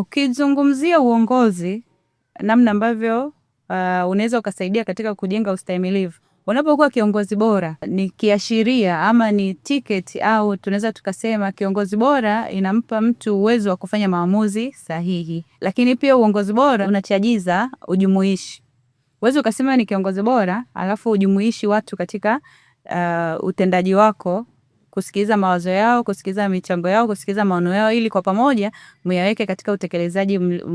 Ukizungumzia uongozi, namna ambavyo uh, unaweza ukasaidia katika kujenga ustahimilivu. Unapokuwa kiongozi bora ni kiashiria ama ni tiketi au tunaweza tukasema kiongozi bora inampa mtu uwezo wa kufanya maamuzi sahihi, lakini pia uongozi bora unachajiza ujumuishi. Uwezi ukasema ni kiongozi bora alafu ujumuishi watu katika uh, utendaji wako kusikiliza mawazo yao, kusikiliza michango yao, kusikiliza maono yao, ili kwa pamoja muyaweke katika utekelezaji,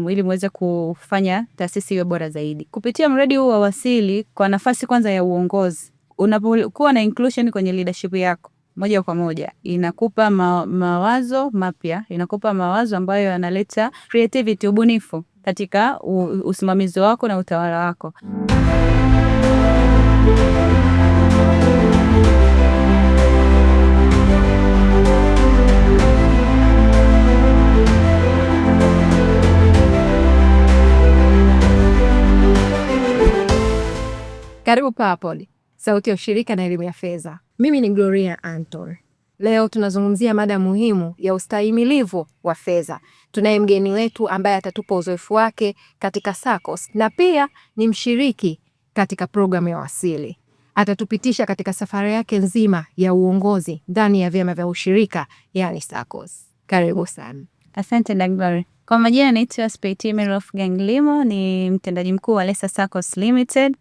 ili muweze kufanya taasisi iwe bora zaidi. Kupitia mradi huu wa Wasili, kwa nafasi kwanza ya uongozi, unapokuwa na inclusion kwenye leadership yako moja kwa moja inakupa ma mawazo mapya, inakupa mawazo ambayo yanaleta creativity, ubunifu katika usimamizi wako na utawala wako. Karibu Papod, sauti ya ushirika na elimu ya fedha. Mimi ni Gloria Anton. Leo tunazungumzia mada muhimu ya ustahimilivu wa fedha. Tunaye mgeni wetu ambaye atatupa uzoefu wake katika SACCOS na pia ni mshiriki katika programu ya Wasili. Atatupitisha katika safari yake nzima ya uongozi ndani ya vyama vya ushirika, yani SACCOS. Karibu sana. Asante Dagbari. Kwa majina anaitwa Speitime Rolf ni mtendaji mkuu wa Lesa SACCOS Limited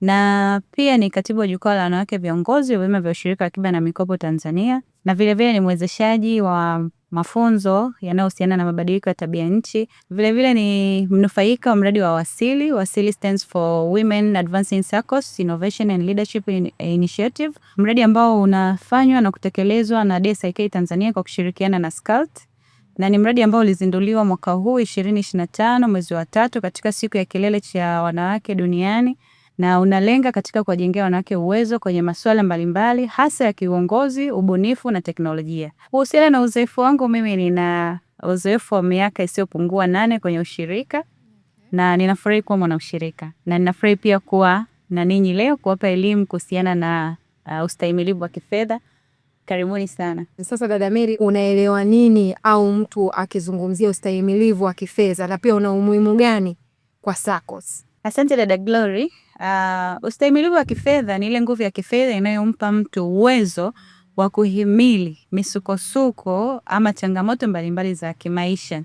na pia ni katibu wa jukwaa la wanawake viongozi wa vyama vya ushirika wa akiba na mikopo Tanzania, na vilevile ni mwezeshaji wa mafunzo yanayohusiana na mabadiliko ya tabia nchi. Vilevile vile ni mnufaika wa mradi wa Wasili. Wasili stands for Women Advancing Circles Innovation and Leadership Initiative, mradi ambao unafanywa na kutekelezwa na DSIK Tanzania kwa kushirikiana na SCALT na ni mradi ambao ulizinduliwa mwaka huu 2025 mwezi wa tatu katika siku ya kilele cha wanawake duniani na unalenga katika kuwajengea wanawake uwezo kwenye masuala mbalimbali hasa ya kiuongozi, ubunifu na teknolojia. Kuhusiana na uzoefu wangu, mimi nina uzoefu wa miaka isiyopungua nane kwenye ushirika na ninafurahi kuwa mwanaushirika na ninafurahi pia kuwa na ninyi leo kuwapa elimu kuhusiana na uh, ustahimilivu wa kifedha. Karibuni sana. Sasa dada Mary, unaelewa nini au mtu akizungumzia ustahimilivu wa kifedha na pia una umuhimu gani kwa SACCOS? Asante dada Glory. Uh, ustahimilivu wa kifedha ni ile nguvu ya kifedha inayompa mtu uwezo wa kuhimili misukosuko ama changamoto mbalimbali mbali za kimaisha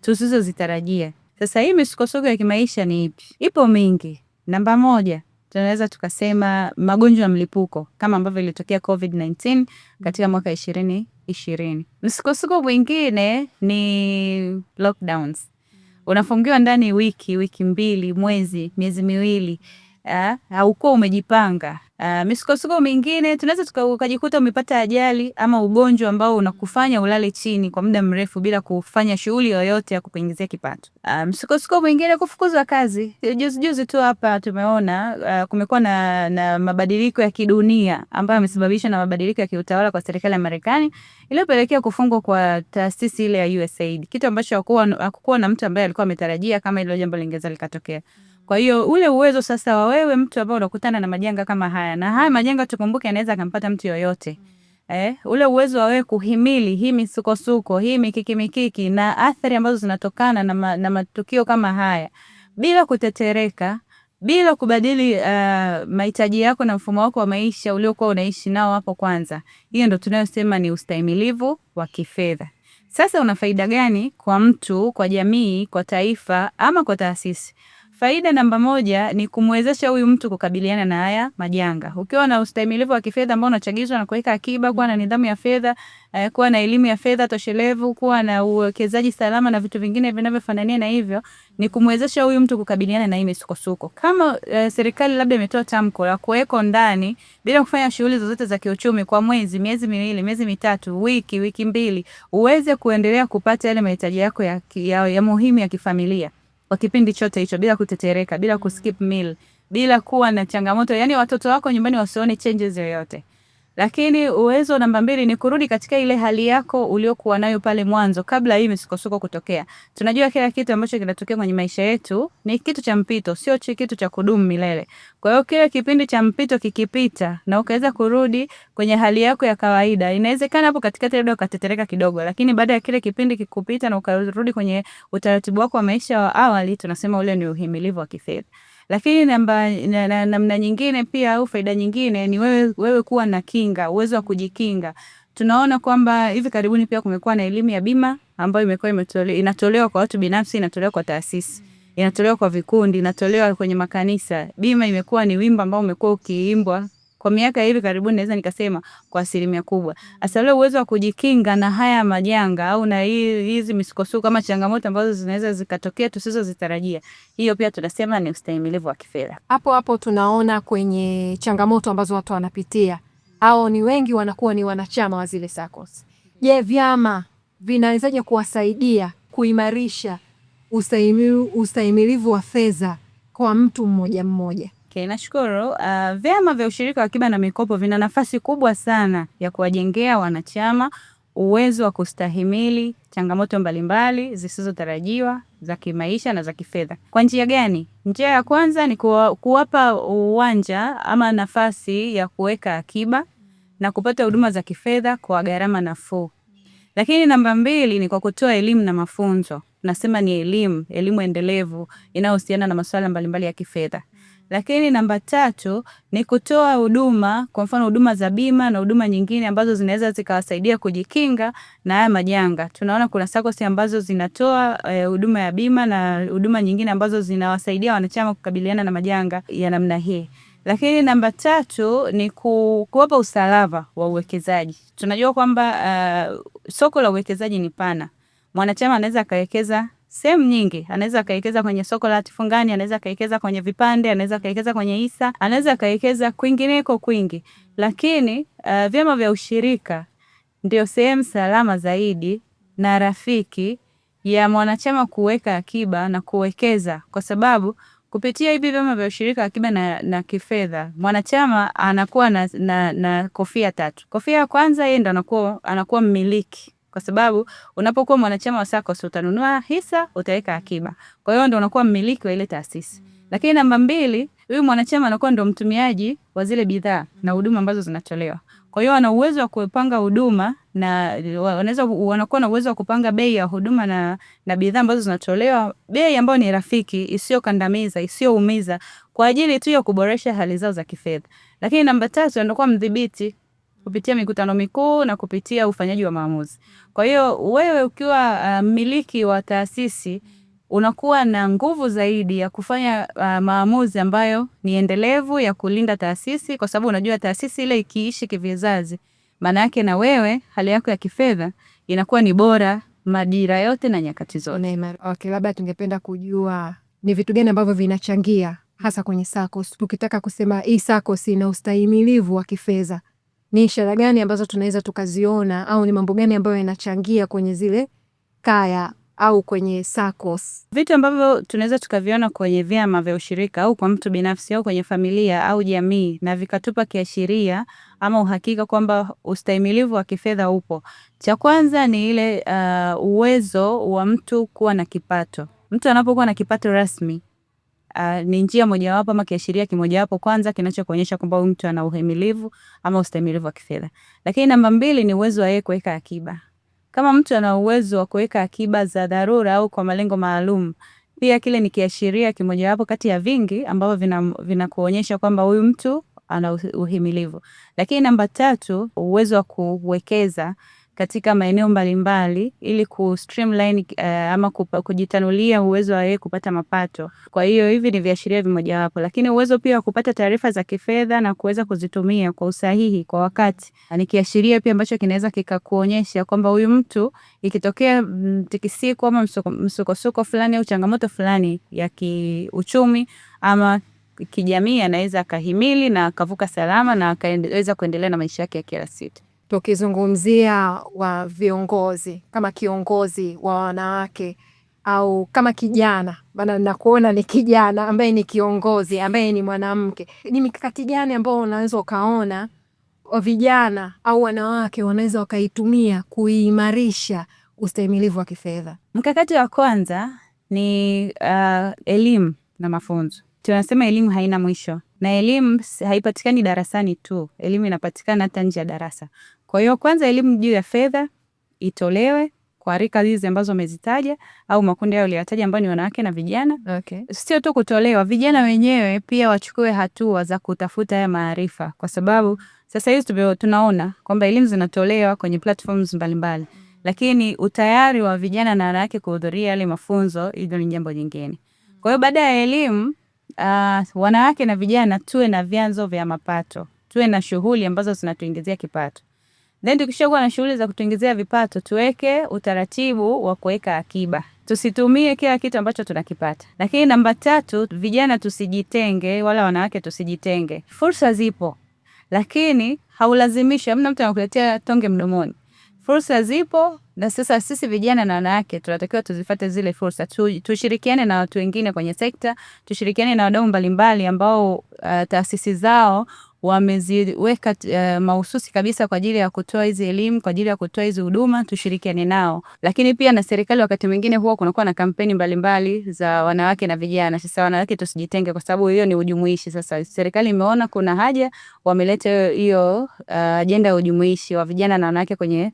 tusizozitarajia. Sasa hii misukosuko ya kimaisha ni ipi? Ipo mingi. Namba moja, tunaweza tukasema magonjwa ya mlipuko kama ambavyo ilitokea COVID-19 katika mwaka ishirini ishirini. Msukosuko mwingine ni lockdowns unafungiwa ndani wiki, wiki mbili, mwezi, miezi miwili, eh, haukuwa umejipanga. Uh, misukosuko mingine tunaweza tukajikuta umepata ajali ama ugonjwa ambao unakufanya ulale chini kwa muda mrefu bila kufanya shughuli yoyote ya kukuingizia kipato. Uh, msukosuko mwingine kufukuzwa kazi. Juzi juzi tu hapa tumeona uh, kumekuwa na, na mabadiliko ya kidunia ambayo yamesababishwa na mabadiliko ya kiutawala kwa serikali ya Marekani iliyopelekea kufungwa kwa taasisi ile ya USAID, kitu ambacho hakukuwa na mtu ambaye alikuwa ametarajia kama ilo jambo lingeweza likatokea. Kwa hiyo ule uwezo sasa wa wewe mtu ambaye unakutana na majanga kama haya, na haya majanga tukumbuke, anaweza akampata mtu yoyote eh, ule uwezo wa wewe kuhimili hii misukosuko, hii mikiki mikiki na athari ambazo zinatokana na, ma, na matukio kama haya bila kutetereka bila kubadili uh, mahitaji yako na mfumo wako wa maisha uliokuwa unaishi nao hapo kwanza. Hiyo ndo tunayosema ni ustahimilivu wa kifedha. Sasa una faida gani kwa mtu, kwa jamii, kwa taifa ama kwa taasisi? Faida namba moja ni kumwezesha huyu mtu kukabiliana na haya majanga. Ukiwa na ustahimilivu wa kifedha ambao unachagizwa na kuweka akiba, kuwa na nidhamu ya fedha, eh, kuwa na elimu ya fedha toshelevu, kuwa na uwekezaji salama na vitu vingine vinavyofanania na hivyo, ni kumwezesha huyu mtu kukabiliana na hii misukosuko. Kama eh, serikali labda imetoa tamko la kuweko ndani bila kufanya shughuli zozote za kiuchumi kwa mwezi, miezi miwili, miezi mitatu, wiki, wiki mbili, uweze kuendelea kupata yale mahitaji yako ya, ya, ya muhimu ya kifamilia kwa kipindi chote hicho bila kutetereka, bila kuskip meal, bila kuwa na changamoto. Yani watoto wako nyumbani wasione changes yoyote. Lakini uwezo namba mbili ni kurudi katika ile hali yako uliokuwa nayo pale mwanzo kabla hii misukosuko kutokea. Tunajua kila kitu ambacho kinatokea kwenye maisha yetu ni kitu cha mpito, sio chi kitu cha kudumu milele. Kwa hiyo kile kipindi cha mpito kikipita na ukaweza kurudi kwenye hali yako ya kawaida, inawezekana hapo katikati labda ukatetereka kidogo, lakini baada ya kile kipindi kikupita na ukarudi kwenye utaratibu wako wa maisha wa awali, tunasema ule ni uhimilivu wa kifedha. Lakini namba namna na, na, na nyingine pia au faida nyingine ni wewe, wewe kuwa na kinga, uwezo wa kujikinga. Tunaona kwamba hivi karibuni pia kumekuwa na elimu ya bima ambayo imekuwa imetolewa, inatolewa kwa watu binafsi, inatolewa kwa taasisi inatolewa kwa vikundi, inatolewa kwenye makanisa. Bima imekuwa ni wimbo ambao umekuwa ukiimbwa kwa miaka hivi karibuni, naweza nikasema kwa asilimia kubwa. Mm. Hasa ule uwezo wa kujikinga na haya majanga au na hizi misukosuko ama changamoto ambazo zinaweza zikatokea tusizozitarajia, hiyo pia tunasema ni ustahimilivu wa kifedha. Hapo hapo tunaona kwenye changamoto ambazo watu wanapitia au ni wengi wanakuwa ni wanachama wa zile SACCOS. Je, vyama vinawezaje kuwasaidia kuimarisha ustahimilivu wa fedha kwa mtu mmoja mmoja? Okay, nashukuru. Uh, vyama vya ushirika wa akiba na mikopo vina nafasi kubwa sana ya kuwajengea wanachama uwezo wa kustahimili changamoto mbalimbali zisizotarajiwa za kimaisha na za kifedha. Kwa njia gani? Njia ya kwanza ni kuwa, kuwapa uwanja ama nafasi ya kuweka akiba na kupata huduma za kifedha kwa gharama nafuu. Lakini namba mbili ni kwa kutoa elimu na mafunzo. Nasema ni elimu, elimu endelevu inayohusiana na masuala mbalimbali ya kifedha. Lakini namba tatu ni kutoa huduma, kwa mfano huduma za bima na huduma nyingine ambazo zinaweza zikawasaidia kujikinga na haya majanga. Tunaona kuna SACCOS ambazo zinatoa eh, huduma e, ya bima na huduma nyingine ambazo zinawasaidia wanachama kukabiliana na majanga ya namna hii. Lakini namba tatu ni kuwapa usalama wa uwekezaji. Tunajua kwamba uh, soko la uwekezaji ni pana, mwanachama anaweza akawekeza sehemu nyingi. Anaweza akawekeza kwenye soko la hatifungani, anaweza akawekeza kwenye vipande, anaweza akawekeza kwenye hisa, anaweza akawekeza kwingineko kwingi, lakini uh, vyama vya ushirika ndio sehemu salama zaidi na rafiki ya mwanachama kuweka akiba na kuwekeza, kwa sababu kupitia hivi vyama vya ushirika akiba na, na kifedha mwanachama anakuwa na, na, na kofia tatu. Kofia ya kwanza yeye ndo anakuwa, anakuwa mmiliki kwa sababu unapokuwa mwanachama wa SACCOS utanunua hisa, utaweka akiba, kwa hiyo ndo unakuwa mmiliki wa ile taasisi. Lakini namba mbili, huyu mwanachama anakuwa ndo mtumiaji wa zile bidhaa na huduma ambazo zinatolewa. Kwa hiyo ana uwezo wa kupanga huduma na wanaweza wanakuwa na uwezo wa kupanga bei ya huduma na, na bidhaa ambazo zinatolewa, bei ambayo ni rafiki, isiyokandamiza, isiyoumiza kwa ajili tu ya kuboresha hali zao za kifedha. Lakini namba tatu, anakuwa mdhibiti kupitia mikutano mikuu na kupitia ufanyaji wa maamuzi. Kwa hiyo wewe ukiwa uh, mmiliki uh, wa taasisi unakuwa na nguvu zaidi ya kufanya uh, maamuzi ambayo ni endelevu ya kulinda taasisi, kwa sababu unajua taasisi ile ikiishi kivizazi, maana yake na wewe hali yako ya kifedha inakuwa ni bora majira yote na nyakati zote. Okay, labda tungependa kujua ni vitu gani ambavyo vinachangia hasa kwenye SACCOS, tukitaka kusema hii SACCOS ina ustahimilivu wa kifedha ni ishara gani ambazo tunaweza tukaziona au ni mambo gani ambayo yanachangia kwenye zile kaya au kwenye SACCOS. Vitu ambavyo tunaweza tukaviona kwenye vyama vya ushirika au kwa mtu binafsi au kwenye familia au jamii, na vikatupa kiashiria ama uhakika kwamba ustahimilivu wa kifedha upo. Cha kwanza ni ile uh, uwezo wa mtu kuwa na kipato. Mtu anapokuwa na kipato rasmi Uh, ni njia mojawapo ama kiashiria kimojawapo kwanza kinachokuonyesha kwamba huyu mtu ana uhimilivu ama ustahimilivu wa kifedha. Lakini namba mbili ni uwezo wa yeye kuweka akiba. Kama mtu ana uwezo wa kuweka akiba za dharura au kwa malengo maalum, pia kile ni kiashiria kimojawapo kati ya vingi ambavyo vinakuonyesha vina kwamba huyu mtu ana uhimilivu. Lakini namba tatu, uwezo wa kuwekeza katika maeneo mbalimbali ili ku streamline uh, ama kupa, kujitanulia uwezo wa yeye kupata mapato. Kwa hiyo hivi ni viashiria vimojawapo, lakini uwezo pia wa kupata taarifa za kifedha na kuweza kuzitumia kwa usahihi kwa wakati ni kiashiria pia ambacho kinaweza kikakuonyesha kwamba huyu mtu ikitokea mtikisiko mm, ama msukosuko fulani au changamoto fulani ya kiuchumi ama kijamii, anaweza akahimili na akavuka salama na akaweza kuendelea na maisha yake ya kila siku ukizungumzia wa viongozi kama kiongozi wa wanawake au kama kijana bana, nakuona ni kijana ambaye ni kiongozi ambaye ni mwanamke, ni mikakati gani ambayo unaweza ukaona vijana au wanawake wanaweza wakaitumia kuimarisha ustahimilivu wa kifedha? Mkakati wa kwanza ni uh, elimu na mafunzo. Tunasema elimu haina mwisho, na elimu haipatikani darasani tu, elimu inapatikana hata nje ya darasa. Kwa hiyo kwanza elimu juu ya fedha itolewe kwa rika hizi ambazo amezitaja au makundi hayo uliyotaja ambayo ni wanawake na vijana. Okay. Sio tu kutolewa, vijana wenyewe pia wachukue hatua za kutafuta haya maarifa, kwa sababu sasa hivi tunaona kwamba elimu zinatolewa kwenye platforms mbalimbali, lakini utayari wa vijana na wanawake kuhudhuria yale mafunzo, hilo ni jambo jingine. Kwa hiyo baada ya elimu uh, wanawake na vijana tuwe na vyanzo vya mapato, tuwe na shughuli ambazo zinatuingizia kipato. Then tukishakuwa na shughuli za kutuingizia vipato, tuweke utaratibu wa kuweka akiba tusitumie kila kitu ambacho tunakipata. Lakini namba tatu, vijana tusijitenge, wala wanawake tusijitenge. Fursa zipo, lakini haulazimishi, hamna mtu anakuletea tonge mdomoni. Fursa zipo, na sasa sisi vijana na wanawake tunatakiwa tuzifate zile fursa tu, tushirikiane na watu wengine kwenye sekta, tushirikiane na wadau mbalimbali ambao uh, taasisi zao wameziweka uh, mahususi kabisa kwa ajili ya kutoa hizi elimu, kwa ajili ya kutoa hizi huduma, tushirikiane nao. Lakini pia na serikali, wakati mwingine huwa kunakuwa na kampeni mbalimbali mbali za wanawake na vijana. Sasa wanawake tusijitenge, kwa sababu hiyo ni ujumuishi. Sasa serikali imeona kuna haja, wameleta hiyo eh, ajenda uh, ya ujumuishi wa vijana na wanawake kwenye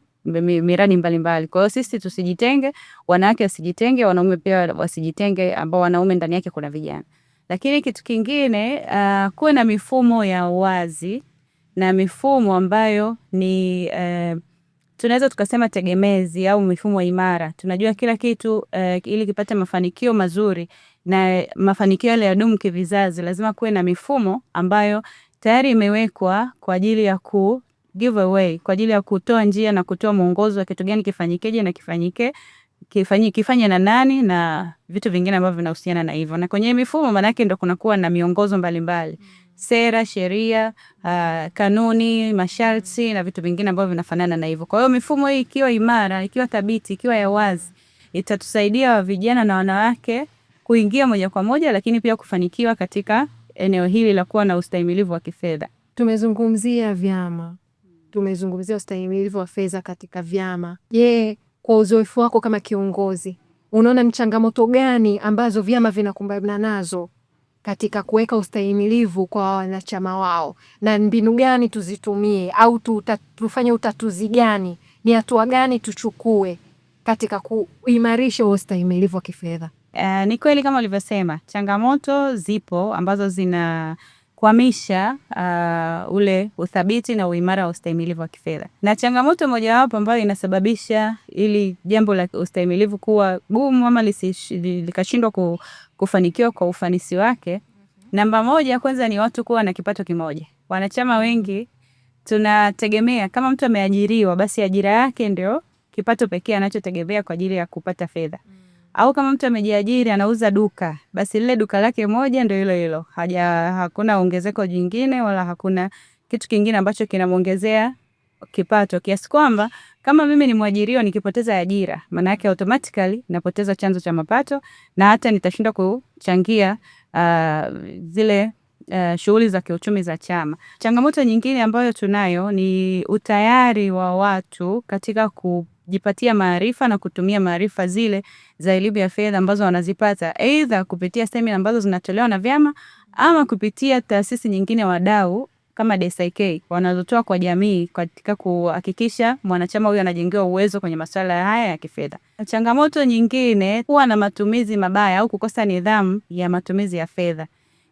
miradi mbalimbali. Kwa hiyo sisi tusijitenge, wanawake wasijitenge, wanaume pia wasijitenge, ambao wanaume ndani yake kuna vijana. Lakini kitu kingine uh, kuwe na mifumo ya wazi na mifumo ambayo ni uh, tunaweza tukasema tegemezi au mifumo imara. Tunajua kila kitu uh, ili kipate mafanikio mazuri na mafanikio yale yadumu kivizazi, lazima kuwe na mifumo ambayo tayari imewekwa kwa ajili ya ku kwa ajili ya kutoa njia na kutoa mwongozo wa kitu gani kifanyikeje na kifanyike kifanye kifanye na nani na vitu vingine ambavyo vinahusiana na hivyo. Na kwenye mifumo maanake ndo kunakuwa na miongozo mbalimbali mbali. Mm. Sera, sheria, uh, kanuni, masharti na vitu vingine ambavyo vinafanana na hivyo. Kwa hiyo mifumo hii ikiwa imara, ikiwa thabiti, ikiwa ya wazi itatusaidia vijana na wanawake kuingia moja kwa moja, lakini pia kufanikiwa katika eneo hili la kuwa na ustahimilivu wa kifedha. Tumezungumzia vyama, tumezungumzia ustahimilivu wa fedha katika vyama. Je, yeah kwa uzoefu wako kama kiongozi, unaona ni changamoto gani ambazo vyama vinakumbana nazo katika kuweka ustahimilivu kwa wanachama wao, na mbinu gani tuzitumie au tuta, tufanye utatuzi gani, ni hatua gani tuchukue katika kuimarisha huo ustahimilivu wa kifedha? Uh, ni kweli kama ulivyosema, changamoto zipo ambazo zina kuhamisha uh, ule uthabiti na uimara wa ustahimilivu wa kifedha. Na changamoto mojawapo ambayo inasababisha ili jambo la ustahimilivu kuwa gumu ama likashindwa kufanikiwa kwa ufanisi wake, namba moja kwanza ni watu kuwa na kipato kimoja. Wanachama wengi tunategemea kama mtu ameajiriwa, basi ajira yake ndio kipato pekee anachotegemea kwa ajili ya kupata fedha. Au kama mtu amejiajiri anauza duka, basi lile duka lake moja ndio hilo hilo, haja hakuna ongezeko jingine wala hakuna kitu kingine ambacho kinamwongezea kipato, kiasi kwamba kama mimi ni mwajiriwa nikipoteza ajira, maana yake automatically napoteza chanzo cha mapato na hata nitashindwa kuchangia uh, zile Uh, shughuli za kiuchumi za chama. Changamoto nyingine ambayo tunayo ni utayari wa watu katika ku kujipatia maarifa na kutumia maarifa zile za elimu ya fedha ambazo wanazipata aidha kupitia semina ambazo zinatolewa na vyama ama kupitia taasisi nyingine wadau kama DSIK wanazotoa kwa jamii katika kuhakikisha mwanachama huyo anajengewa uwezo kwenye masuala haya ya kifedha. Changamoto nyingine huwa na matumizi mabaya au kukosa nidhamu ya matumizi ya fedha.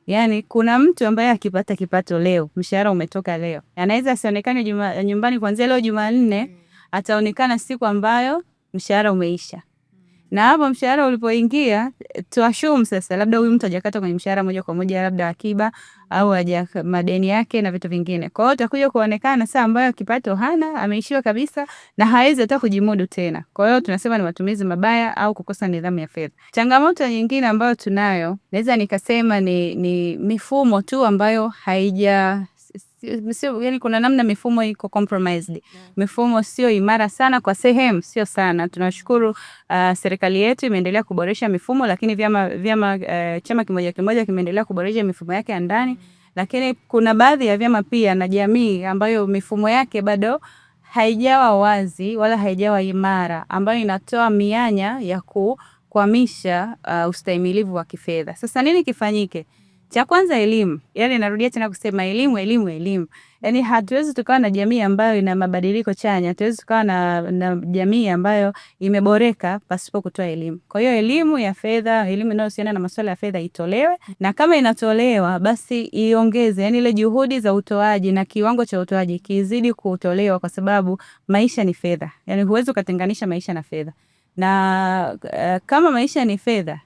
Yaani kuna mtu ambaye akipata kipato leo, mshahara umetoka leo, anaweza asionekane nyumbani kuanzia leo Jumanne ataonekana siku ambayo mshahara umeisha na hapo mshahara ulipoingia tuashum sasa, labda huyu mtu hajakata kwenye mshahara moja kwa moja, labda akiba au haja madeni yake na vitu vingine. Kwa hiyo utakuja kuonekana saa ambayo kipato hana, ameishiwa kabisa na hawezi hata kujimudu tena. Kwa hiyo tunasema ni matumizi mabaya au kukosa nidhamu ya fedha. Changamoto nyingine ambayo tunayo, naweza nikasema ni, ni mifumo tu ambayo haija sio, yani kuna namna mifumo iko compromised, mm-hmm. mifumo sio imara sana kwa sehemu, sio sana. Tunashukuru uh, serikali yetu imeendelea kuboresha mifumo, lakini vyama, vyama uh, chama kimoja kimoja kimeendelea kuboresha mifumo yake ya ndani, mm-hmm. lakini kuna baadhi ya vyama pia na jamii ambayo mifumo yake bado haijawa wazi wala haijawa imara, ambayo inatoa mianya ya kukwamisha uh, ustahimilivu wa kifedha. Sasa nini kifanyike? Cha kwanza elimu, yani narudia tena kusema elimu, elimu, elimu. Yani hatuwezi tukawa na jamii ambayo ina mabadiliko chanya, hatuwezi tukawa na, na jamii ambayo imeboreka pasipo kutoa elimu. Kwa hiyo elimu ya fedha, elimu inayohusiana na masuala ya fedha itolewe, na kama inatolewa basi iongeze, yani ile juhudi za utoaji na kiwango cha utoaji kizidi kutolewa, kwa sababu maisha ni fedha, yani huwezi ukatenganisha maisha na fedha na uh, kama maisha ni fedha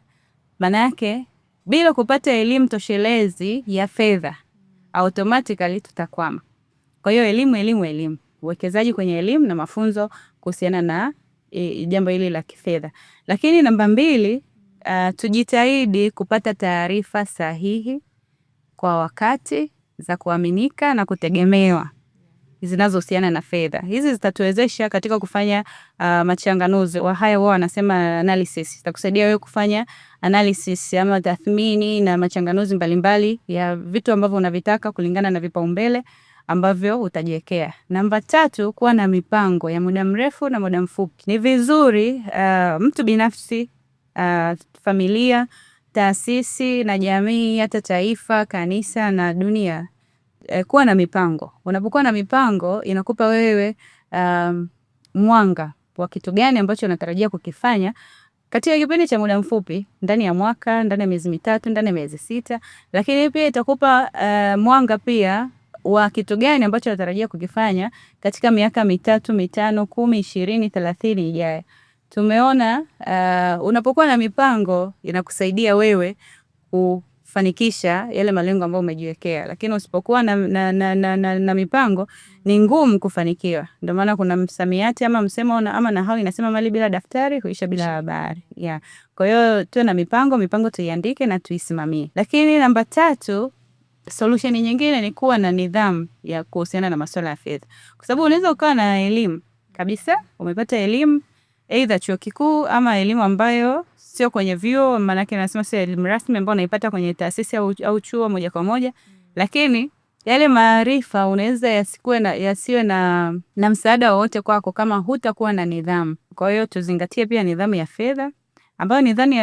maana yake bila kupata elimu toshelezi ya fedha, automatically tutakwama. Kwa hiyo elimu, elimu, elimu, uwekezaji kwenye elimu na mafunzo kuhusiana na e, jambo hili la kifedha. Lakini namba mbili, uh, tujitahidi kupata taarifa sahihi kwa wakati za kuaminika na kutegemewa zinazohusiana na fedha. Hizi zitatuwezesha katika kufanya uh, machanganuzi wa haya wao wanasema analysis. Zitakusaidia wewe kufanya analysis ama tathmini na machanganuzi mbalimbali mbali ya vitu ambavyo unavitaka kulingana na vipaumbele ambavyo utajiwekea. Namba tatu, kuwa na mipango ya muda mrefu na muda mfupi. Ni vizuri uh, mtu binafsi uh, familia, taasisi na jamii, hata taifa, kanisa na dunia eh, kuwa na mipango. Unapokuwa na mipango inakupa wewe um, mwanga wa kitu gani ambacho unatarajia kukifanya katika kipindi cha muda mfupi, ndani ya mwaka, ndani ya miezi mitatu, ndani ya miezi sita, lakini pia itakupa uh, mwanga pia wa kitu gani ambacho unatarajia kukifanya katika miaka mitatu, mitano, kumi, ishirini, thelathini ijayo. Tumeona uh, unapokuwa na mipango inakusaidia wewe ku kufanikisha yale malengo ambayo umejiwekea, lakini usipokuwa na, na, na, na, na, na mipango ni ngumu kufanikiwa. Ndio maana kuna msamiati ama msemo na, ama nahau inasema mali bila daftari huisha bila mm. habari yeah. Kwa hiyo tuwe na mipango, mipango tuiandike na tuisimamie. Lakini namba tatu, solusheni nyingine ni kuwa na nidhamu ya kuhusiana na masuala ya fedha, kwa sababu unaweza ukawa na elimu kabisa, umepata elimu aidha chuo kikuu ama elimu ambayo sio kwenye vyuo, maanake nasema sio elimu rasmi ambayo unaipata kwenye taasisi au, au chuo moja kwa moja, mm. lakini yale maarifa unaweza yasikuwe na yasiwe na, na msaada wowote kwako kama hutakuwa na nidhamu. Kwa hiyo tuzingatie pia nidhamu ya fedha ambayo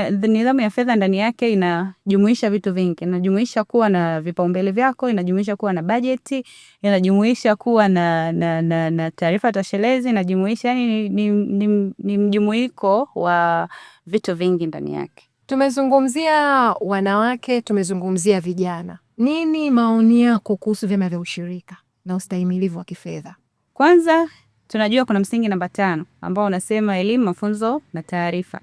nidhamu ya fedha ndani yake inajumuisha vitu vingi. Inajumuisha kuwa na vipaumbele vyako, inajumuisha kuwa na bajeti, inajumuisha kuwa na, na, na, na taarifa toshelezi, inajumuisha yani ni, ni, ni, ni mjumuiko wa vitu vingi ndani yake. Tumezungumzia wanawake, tumezungumzia vijana. Nini maoni yako kuhusu vyama vya ushirika na ustahimilivu wa kifedha? Kwanza tunajua kuna msingi namba tano ambao unasema elimu, mafunzo na taarifa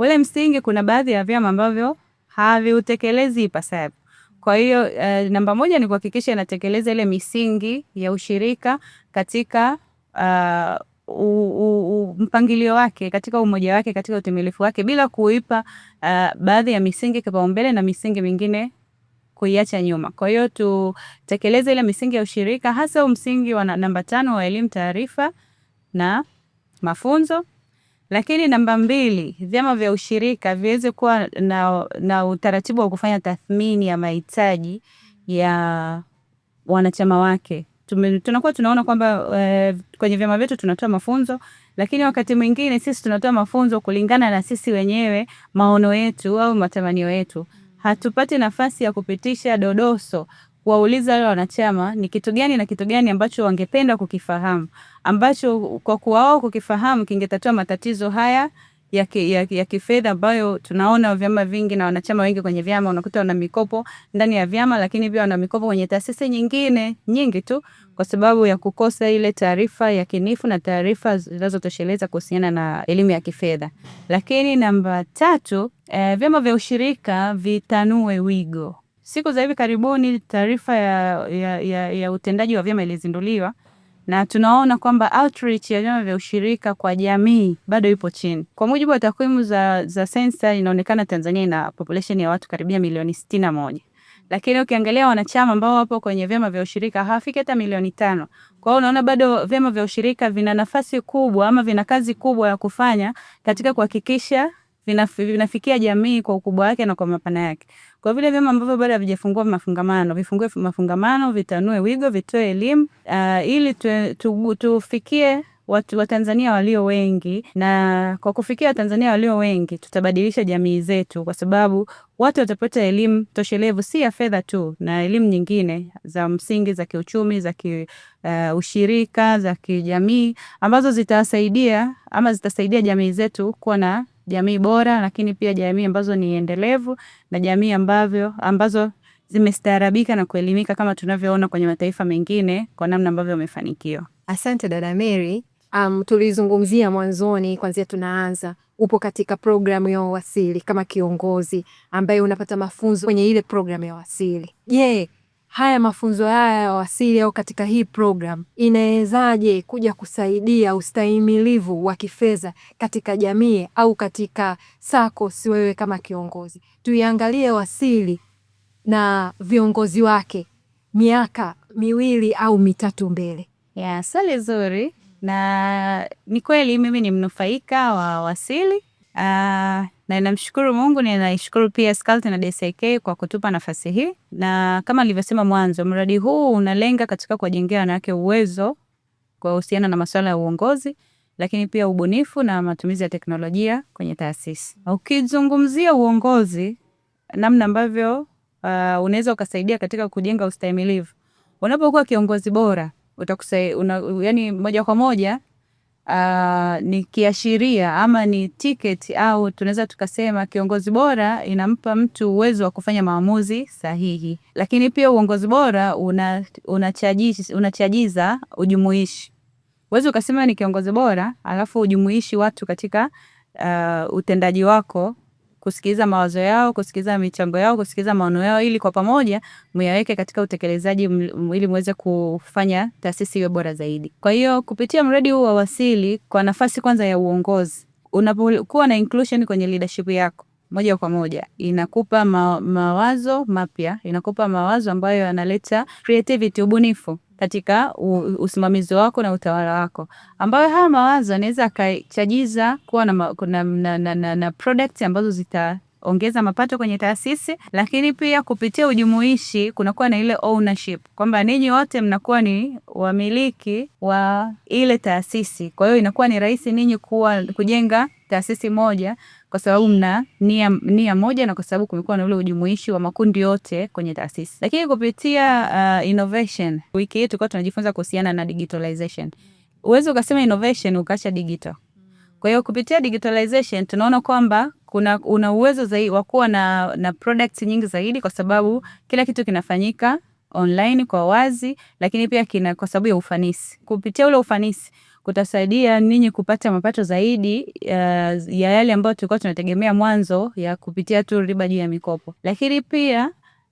ule msingi, kuna baadhi ya vyama ambavyo haviutekelezi ipasavyo. Kwa hiyo uh, namba moja ni kuhakikisha inatekeleza ile misingi ya ushirika katika uh, U, u, u, mpangilio wake katika umoja wake katika utimilifu wake bila kuipa uh, baadhi ya misingi kipaumbele na misingi mingine kuiacha nyuma. Kwa hiyo tutekeleze ile misingi ya ushirika hasa msingi wa namba tano wa elimu, taarifa na mafunzo. Lakini namba mbili, vyama vya ushirika viweze kuwa na, na utaratibu wa kufanya tathmini ya mahitaji ya wanachama wake. Tunakuwa tunaona kwamba e, kwenye vyama vyetu tunatoa mafunzo, lakini wakati mwingine sisi tunatoa mafunzo kulingana na sisi wenyewe maono yetu au matamanio yetu, hatupati nafasi ya kupitisha dodoso kuwauliza wale wanachama ni kitu gani na kitu gani ambacho wangependa kukifahamu, ambacho kwa kuwa wao kukifahamu kingetatua matatizo haya ya, ki, ya, ya kifedha ambayo tunaona vyama vingi na wanachama wengi kwenye vyama unakuta wana mikopo ndani ya vyama, lakini pia wana mikopo kwenye taasisi nyingine nyingi tu, kwa sababu ya kukosa ile taarifa ya kinifu na taarifa zinazotosheleza kuhusiana na elimu ya kifedha. Lakini namba tatu, eh, vyama vya ushirika vitanue wigo Siku za hivi karibuni taarifa ya, ya, ya, ya utendaji wa vyama ilizinduliwa na tunaona kwamba outreach ya vyama vya ushirika kwa jamii bado ipo chini. Kwa mujibu wa takwimu za, za sensa inaonekana Tanzania ina population ya watu karibia milioni sitini na moja lakini ukiangalia wanachama ambao wapo kwenye vyama vya ushirika hawafiki hata milioni tano. Kwa hiyo unaona bado vyama vya ushirika vina nafasi kubwa ama vina kazi kubwa ya kufanya katika kuhakikisha vinafikia jamii kwa ukubwa wake na kwa mapana yake. Kwa vile vyama ambavyo bado havijafungua mafungamano vifungue mafungamano, vitanue wigo, vitoe elimu uh, ili tu, tu, tufikie watu wa Tanzania walio wengi, na kwa kufikia Tanzania walio wengi tutabadilisha jamii zetu, kwa sababu watu watapata elimu toshelevu, si ya fedha tu, na elimu nyingine za msingi za kiuchumi, za kiushirika, uh, za kijamii ambazo zitawasaidia ama zitasaidia jamii zetu kuwa na jamii bora, lakini pia jamii ambazo ni endelevu na jamii ambavyo ambazo zimestaarabika na kuelimika kama tunavyoona kwenye mataifa mengine kwa namna ambavyo wamefanikiwa. Asante dada Mary. Um, tulizungumzia mwanzoni kwanzia tunaanza, upo katika programu ya Wawasili kama kiongozi ambaye unapata mafunzo kwenye ile programu ya wasili Je, yeah haya mafunzo haya ya wasili au katika hii program inawezaje kuja kusaidia ustahimilivu wa kifedha katika jamii au katika si Wewe kama kiongozi, tuiangalie wasili na viongozi wake miaka miwili au mitatu mbele. Yeah, swali zuri, na ni kweli mimi ni mnufaika wa wasili Uh, na ninamshukuru Mungu, ninaishukuru pia SCCULT na DSIK kwa kutupa nafasi hii, na kama nilivyosema mwanzo, mradi huu unalenga katika kuwajengea wanawake uwezo kwa husiana na masuala ya uongozi, lakini pia ubunifu na matumizi ya teknolojia kwenye taasisi. Ukizungumzia uongozi, namna ambavyo uh, unaweza ukasaidia katika kujenga ustahimilivu, unapokuwa kiongozi bora utakusaidia, yani moja kwa moja uh, ah, ni kiashiria ama ni tiketi au tunaweza tukasema kiongozi bora inampa mtu uwezo wa kufanya maamuzi sahihi, lakini pia uongozi bora una, unachajiza, unachajiza ujumuishi. uwezi ukasema ni kiongozi bora alafu ujumuishi watu katika uh, utendaji wako kusikiliza mawazo yao, kusikiliza michango yao, kusikiliza maono yao, ili kwa pamoja muyaweke katika utekelezaji, ili muweze kufanya taasisi iwe bora zaidi. Kwa hiyo kupitia mradi huu wa Wasili, kwa nafasi kwanza ya uongozi, unapokuwa na inclusion kwenye leadership yako moja kwa moja inakupa ma mawazo mapya, inakupa mawazo ambayo yanaleta creativity, ubunifu katika usimamizi wako na utawala wako, ambayo haya mawazo anaweza akachajiza kuwa na, na, na, na, na, na product ambazo zita ongeza mapato kwenye taasisi, lakini pia kupitia ujumuishi kunakuwa na ile ownership kwamba ninyi wote mnakuwa ni wamiliki wa ile taasisi. Kwa hiyo inakuwa ni rahisi ninyi kuwa kujenga taasisi moja kwa sababu mna nia, nia moja na kwa sababu kumekuwa na ule ujumuishi wa makundi yote kwenye taasisi. Lakini kupitia uh, innovation wiki hii tulikuwa tunajifunza kuhusiana na digitalization. Uwezo ukasema innovation ukaacha digital. Kwa hiyo kupitia digitalization tunaona kwamba kuna una uwezo zaidi wa kuwa na, na products nyingi zaidi kwa sababu kila kitu kinafanyika online kwa wazi, lakini pia kina kwa sababu ya ufanisi. Kupitia ule ufanisi kutasaidia ninyi kupata mapato zaidi uh, ya yale ambayo tulikuwa tunategemea mwanzo ya kupitia tu riba juu ya mikopo. Lakini pia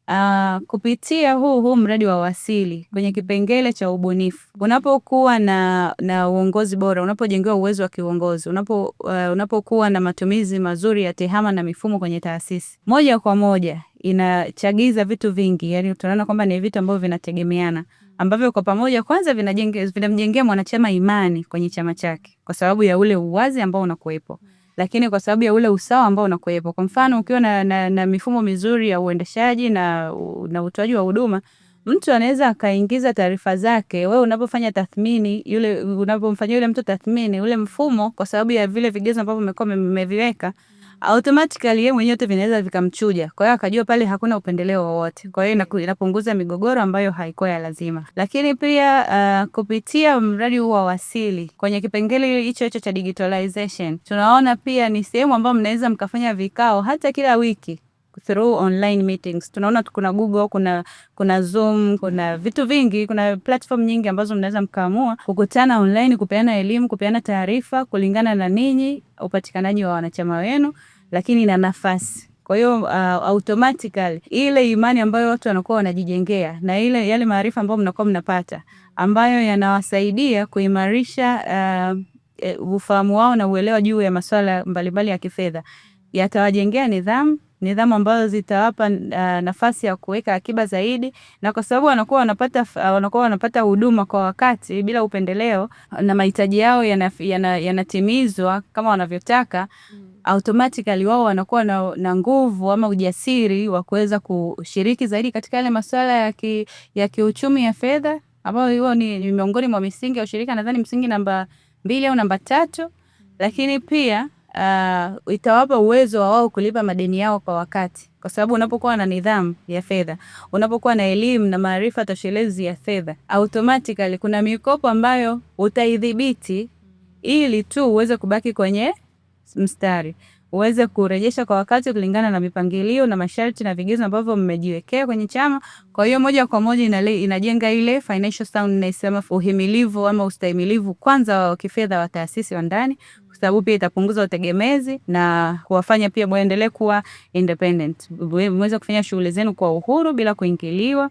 uh, kupitia huu huu mradi wa Wasili kwenye kipengele cha ubunifu, unapokuwa na na uongozi bora, unapojengewa uwezo wa kiuongozi, unapo uh, unapokuwa na matumizi mazuri ya tehama na mifumo kwenye taasisi, moja kwa moja inachagiza vitu vingi, yani tunaona kwamba ni vitu ambavyo vinategemeana ambavyo kwa pamoja kwanza vinamjengea mwanachama imani kwenye chama chake kwa sababu ya ule uwazi ambao unakuwepo, mm. lakini kwa sababu ya ule usawa ambao unakuwepo. Kwa mfano ukiwa na, na, na mifumo mizuri ya uendeshaji na, na utoaji wa huduma mm. mtu anaweza akaingiza taarifa zake. Wewe unapofanya tathmini yule, unapomfanyia yule mtu tathmini, ule mfumo, kwa sababu ya vile vigezo ambavyo mmekuwa mmeviweka mm automatically yeye mwenyewe vinaweza vikamchuja. Kwa hiyo akajua pale hakuna upendeleo wowote, kwa hiyo inapunguza migogoro ambayo haikuwa ya lazima. Lakini pia uh, kupitia mradi huu wa Wasili kwenye kipengele hicho hicho cha digitalization, tunaona pia ni sehemu ambayo mnaweza mkafanya vikao hata kila wiki through online meetings. Tunaona kuna Google, kuna kuna Zoom, kuna vitu vingi, kuna platform nyingi ambazo mnaweza mkaamua kukutana online, kupeana elimu, kupeana taarifa kulingana na ninyi, upatikanaji wa wanachama wenu, lakini na nafasi kwa hiyo uh, automatically ile imani ambayo watu wanakuwa wanajijengea na ile yale maarifa ambayo mnakuwa mnapata ambayo yanawasaidia kuimarisha uh, eh, ufahamu wao na uelewa juu ya masuala mbalimbali ya kifedha yatawajengea nidhamu nidhamu ambazo zitawapa uh, nafasi ya kuweka akiba zaidi, na kwa sababu wanakuwa wanapata uh, wanakuwa wanapata huduma kwa wakati bila upendeleo, na mahitaji yao yanatimizwa yana, yana kama wanavyotaka mm. Automatically wao wanakuwa na, na nguvu ama ujasiri wa kuweza kushiriki zaidi katika yale masuala ya, ki, ya kiuchumi ya fedha ambayo hiyo ni, ni miongoni mwa misingi ya ushirika, nadhani msingi namba mbili au namba tatu, mm. lakini pia uh, itawapa uwezo wa wao kulipa madeni yao kwa wakati, kwa sababu unapokuwa na nidhamu ya fedha, unapokuwa na elimu na maarifa toshelezi ya fedha, automatically kuna mikopo ambayo utaidhibiti ili tu uweze kubaki kwenye mstari uweze kurejesha kwa wakati kulingana na mipangilio na masharti na vigezo ambavyo mmejiwekea kwenye chama. Kwa hiyo moja kwa moja inale, inajenga ile financial soundness ama uhimilivu ama ustahimilivu kwanza wa kifedha wa taasisi wa ndani kwa sababu pia itapunguza utegemezi na kuwafanya pia muendelee kuwa independent, muweze kufanya shughuli zenu kwa uhuru bila kuingiliwa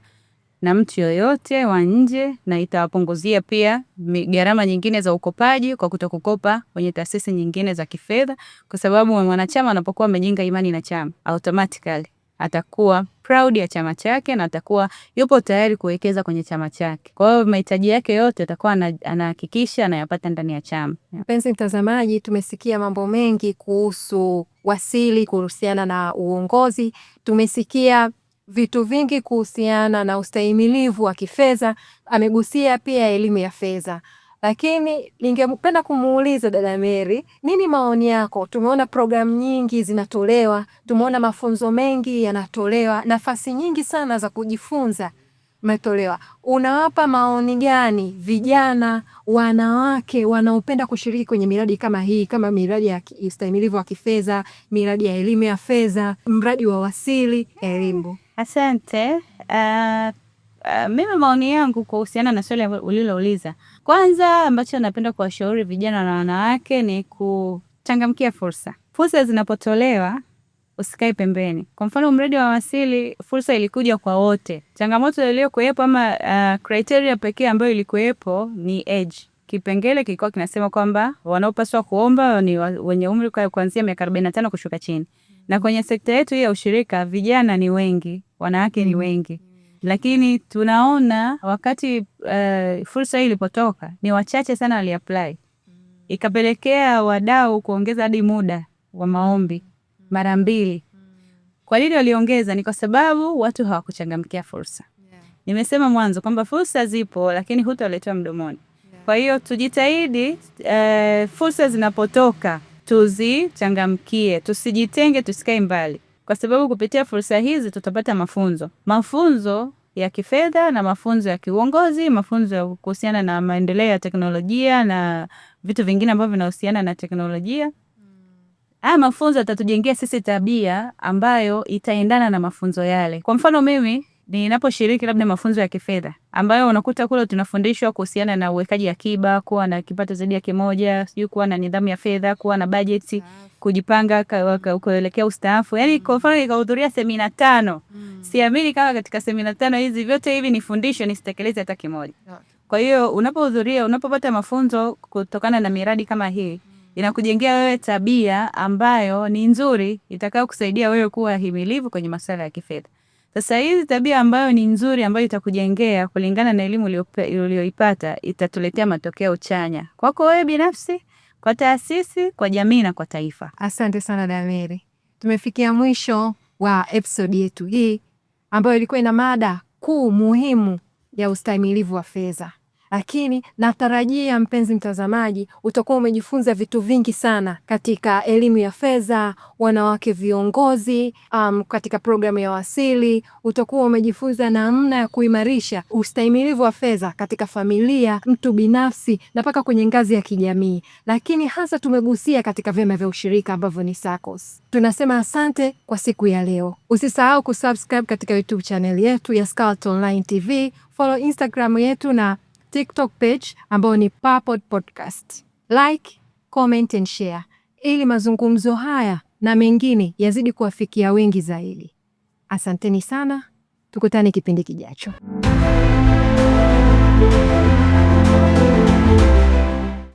na mtu yoyote wa nje, na itawapunguzia pia gharama nyingine za ukopaji kwa kutokukopa kwenye taasisi nyingine za kifedha, kwa sababu mwanachama anapokuwa amejenga imani na chama automatically atakuwa proud ya chama chake na atakuwa yupo tayari kuwekeza kwenye chama chake. Kwa hiyo mahitaji yake yote atakuwa anahakikisha anayapata ndani ya chama. Mpenzi mtazamaji, tumesikia mambo mengi kuhusu Wasili kuhusiana na uongozi, tumesikia vitu vingi kuhusiana na ustahimilivu wa kifedha, amegusia pia elimu ya fedha lakini ningependa kumuuliza dada Mary, nini maoni yako? Tumeona programu nyingi zinatolewa, tumeona mafunzo mengi yanatolewa, nafasi nyingi sana za kujifunza umetolewa. Unawapa maoni gani vijana wanawake wanaopenda kushiriki kwenye miradi kama hii, kama miradi ya ustahimilivu wa kifedha, miradi ya elimu ya fedha, mradi wa Wasili Elimu? Asante. Uh, uh, mimi maoni yangu kwa husiana na swali ulilouliza kwanza ambacho napenda kuwashauri vijana na wanawake ni kuchangamkia fursa. Fursa zinapotolewa usikae pembeni. Kwa mfano, mradi wa wasili fursa ilikuja kwa wote. Changamoto iliyokuwepo ama uh, criteria pekee ambayo ilikuwepo ni age. Kipengele kilikuwa kinasema kwamba wanaopaswa kuomba ni wenye umri kuanzia miaka tano kushuka chini, na kwenye sekta yetu hii ya ushirika vijana ni wengi, wanawake ni mm. wengi lakini tunaona wakati uh, fursa hii ilipotoka ni wachache sana waliapply, mm. ikapelekea wadau kuongeza hadi muda wa maombi mm. mara mbili. Mm. Kwa nini waliongeza? Ni kwa sababu watu hawakuchangamkia fursa. Nimesema mwanzo kwamba fursa zipo, lakini hutaletewa mdomoni. Kwa hiyo tujitahidi, uh, fursa zinapotoka tuzichangamkie, tusijitenge, tusikae mbali kwa sababu kupitia fursa hizi tutapata mafunzo, mafunzo ya kifedha na mafunzo ya kiuongozi, mafunzo ya kuhusiana na maendeleo ya teknolojia na vitu vingine ambavyo vinahusiana na teknolojia. Haya mafunzo yatatujengea sisi tabia ambayo itaendana na mafunzo yale. Kwa mfano mimi ninaposhiriki labda mafunzo ya kifedha ambayo unakuta kule tunafundishwa kuhusiana na uwekaji akiba, kuwa na kipato zaidi ya kimoja, sijui kuwa na nidhamu ya fedha, kuwa na bajeti, kujipanga kuelekea ustaafu. Yani kwa mfano nikahudhuria semina tano, hmm. siamini kama katika semina tano hizi vyote hivi nifundishwe nisitekeleze hata kimoja. Kwa hiyo unapohudhuria, unapopata mafunzo kutokana na miradi kama hii hmm. inakujengea wewe tabia ambayo ni nzuri itakayokusaidia wewe kuwa himilivu kwenye masuala ya kifedha. Sasa hizi tabia ambayo ni nzuri ambayo itakujengea kulingana na elimu uliyoipata itatuletea matokeo chanya kwako wewe binafsi, kwa taasisi, kwa jamii na kwa taifa. Asante sana Damiri, tumefikia mwisho wa episodi yetu hii ambayo ilikuwa ina mada kuu muhimu ya ustahimilivu wa fedha. Lakini natarajia mpenzi mtazamaji, utakuwa umejifunza vitu vingi sana katika elimu ya fedha, wanawake viongozi, um, katika programu ya Wasili utakuwa umejifunza namna ya kuimarisha ustahimilivu wa fedha katika familia, mtu binafsi na mpaka kwenye ngazi ya kijamii. Lakini hasa tumegusia katika vyama vya ushirika ambavyo ni SACCOS. Tunasema asante kwa siku ya leo. Usisahau kusubscribe katika YouTube channel yetu ya Scarlet Online TV, follow Instagram yetu na TikTok page ambayo ni Papod Podcast. Like, comment and share ili mazungumzo haya na mengine yazidi kuwafikia wengi zaidi. Asanteni sana, tukutane kipindi kijacho.